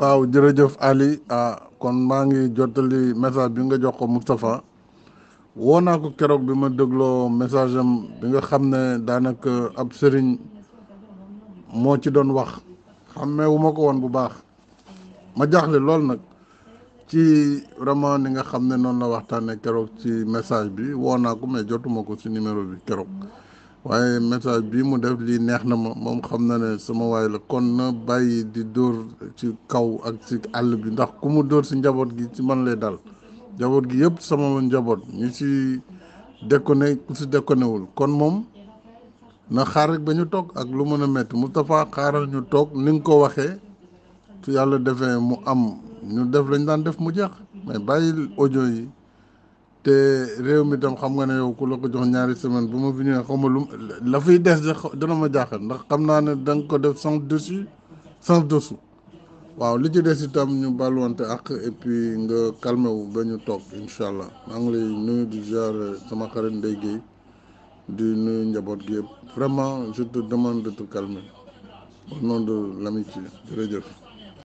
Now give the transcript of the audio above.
waaw jërëjëf Ali ah, kon maa ngi jottali message bi nga jox ko Moustapha woo naa keroog bi ma dégloo message am bi nga xam ne daanaka ab sëriñ moo ci doon wax xammee wu ma ko woon bu baax ma jaaxle lool nag ci vraiment ni nga xam ne noonu la waxtaanee keroog ci message bi woo naa ko mais jotuma ko ci numéro bi keroog waaye message bii mu def lii neex na ma moom xam na ne sama waay la kon na bàyyi di dóor ci kaw ak ci àll bi ndax ku mu dóor si njaboot gi ci man lay dal njaboot gi yëpp sama njaboot ñu si déconné ku si déconnéwul kon moom na xaar ba ñu toog ak lu mën a métti Moustapha xaaral ñu toog ni nga ko waxee su yàlla defee mu am ñu def lañ daan def mu jeex mais bàyyi ojo yi te réew mi tam xam nga ne yow ku la ko jox ñaari semaine bu ma fi ne xaw ma lu la fiy des dana ma jaaxal ndax xam naa ne da nga ko def sans dessus sans dessous waaw li ci des itam ñu balwante ak et puis nga calmé wu ba ñu toog incha allah maa ngi lay nuyu di jaar sama xarit Ndeye Guèye di nuyu njaboot gi yëpp vraiment je te demande de te calmer au nom de l'amitié